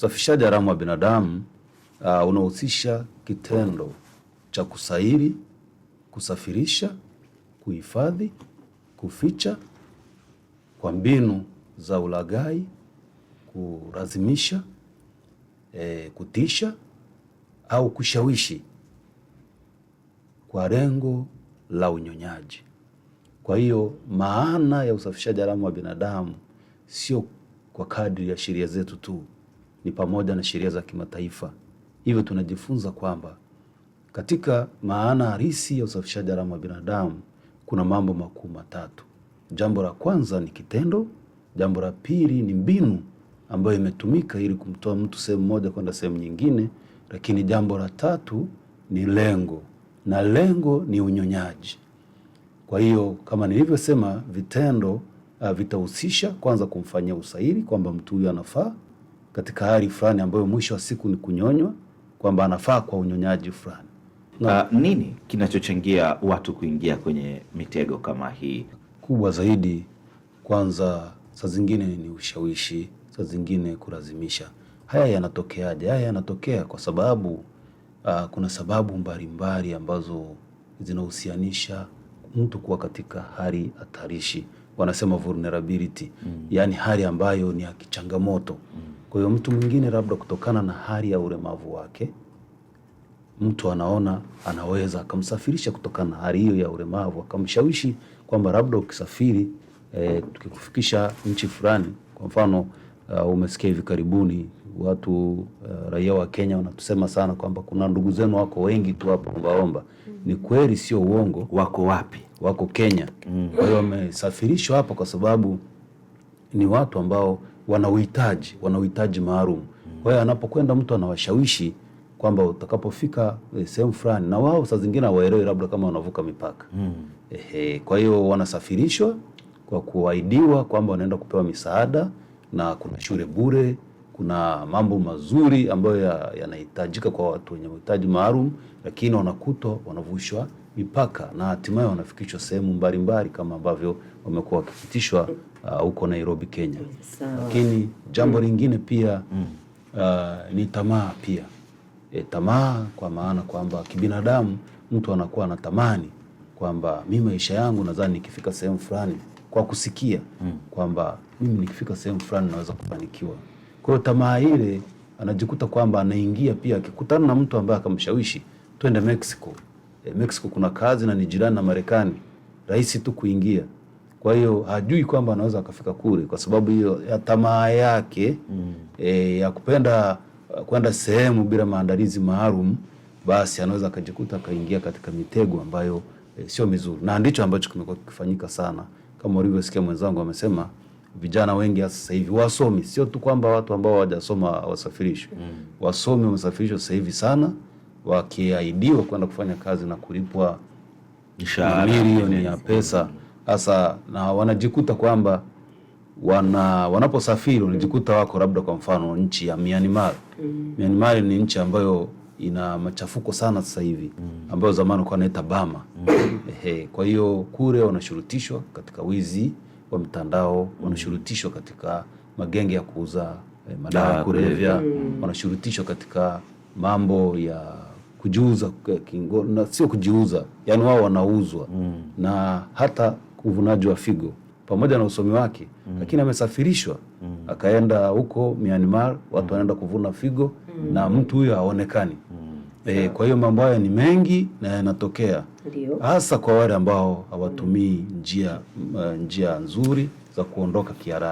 Usafishaji haramu wa binadamu uh, unahusisha kitendo cha kusairi, kusafirisha, kuhifadhi, kuficha kwa mbinu za ulaghai, kulazimisha, e, kutisha au kushawishi kwa lengo la unyonyaji. Kwa hiyo maana ya usafishaji haramu wa binadamu sio kwa kadri ya sheria zetu tu ni pamoja na sheria za kimataifa. Hivyo tunajifunza kwamba katika maana halisi ya usafishaji haramu wa binadamu kuna mambo makuu matatu. Jambo la kwanza ni kitendo, jambo la pili ni mbinu ambayo imetumika ili kumtoa mtu sehemu moja kwenda sehemu nyingine, lakini jambo la tatu ni lengo, na lengo ni unyonyaji. Kwa hiyo kama nilivyosema, vitendo uh, vitahusisha kwanza kumfanyia usaili kwamba mtu huyu anafaa katika hali fulani ambayo mwisho wa siku ni kunyonywa, kwamba anafaa kwa unyonyaji fulani. Na uh, nini kinachochangia watu kuingia kwenye mitego kama hii? Kubwa zaidi kwanza, saa zingine ni ushawishi, saa zingine kulazimisha. Haya yanatokeaje? Haya yanatokea kwa sababu uh, kuna sababu mbalimbali mbali ambazo zinahusianisha mtu kuwa katika hali hatarishi, wanasema vulnerability mm. yaani hali ambayo ni ya kichangamoto mm. Kwa hiyo mtu mwingine labda kutokana na hali ya ulemavu wake mtu anaona anaweza akamsafirisha kutokana na hali hiyo ya ulemavu, akamshawishi kwamba labda ukisafiri e, tukikufikisha nchi fulani. Kwa mfano uh, umesikia hivi karibuni watu uh, raia wa Kenya wanatusema sana kwamba kuna ndugu zenu wako wengi tu hapo ombaomba. Mm. Ni kweli, sio uongo. Wako wapi? Wako Kenya. Mm. Kwa hiyo wamesafirishwa hapa kwa sababu ni watu ambao wana uhitaji wana uhitaji maalum. Kwa hiyo anapokwenda mtu anawashawishi kwamba utakapofika e, sehemu fulani, na wao saa zingine hawaelewi labda kama wanavuka mipaka mm. Ehe, kwa hiyo wanasafirishwa kwa kuahidiwa kwamba wanaenda kupewa misaada na kuna shule bure, kuna mambo mazuri ambayo yanahitajika ya kwa watu wenye mahitaji maalum, lakini wanakutwa wanavushwa mipaka na hatimaye wanafikishwa sehemu mbalimbali kama ambavyo wamekuwa wakifikishwa uh, huko uh, Nairobi, Kenya. Lakini jambo mm. lingine mm. pia mm. Uh, ni tamaa pia e, tamaa kwa maana kwamba kibinadamu mtu anakuwa anatamani kwamba mi maisha yangu nadhani nikifika sehemu fulani kwa kusikia mm. kwamba mimi nikifika sehemu fulani naweza kufanikiwa. Kwa hiyo tamaa ile anajikuta kwamba anaingia pia, akikutana na mtu ambaye akamshawishi twende Mexico e, Mexico kuna kazi na ni jirani na Marekani, rahisi tu kuingia. Kwa hiyo hajui kwamba anaweza akafika kule kwa sababu hiyo ya tamaa yake mm. e, ya kupenda kwenda sehemu bila maandalizi maalum, basi anaweza akajikuta akaingia katika mitego ambayo e, sio mizuri, na ndicho ambacho kimekuwa kikifanyika sana, kama ulivyosikia mwenzangu amesema vijana wengi sasa hivi wasomi, sio tu kwamba watu ambao hawajasoma wasafirishwe mm. Wasomi wamesafirishwa sasa hivi sana wakiahidiwa kwenda kufanya kazi na kulipwa milioni ya pesa sasa, na wanajikuta kwamba wana wanaposafiri wanajikuta wako labda kwa mfano nchi ya Myanmar. Mm. Myanmar ni nchi ambayo ina machafuko sana sasa hivi mm. ambayo zamani kwa naita Bama Mm. Ehe, kwa hiyo kule wanashurutishwa katika wizi wa mtandao, mm. wanashurutishwa katika magenge ya kuuza eh, madawa ya kulevya, mm. wanashurutishwa katika mambo ya kujiuza kingo, na sio kujiuza, yani wao wanauzwa mm. na hata uvunaji wa figo pamoja na usomi wake mm. lakini amesafirishwa mm. akaenda huko Myanmar, watu mm. wanaenda mm. kuvuna figo mm. na mtu huyo haonekani mm. E, kwa hiyo mambo haya ni mengi na yanatokea hasa kwa wale ambao hawatumii njia, eh, njia nzuri za kuondoka kiara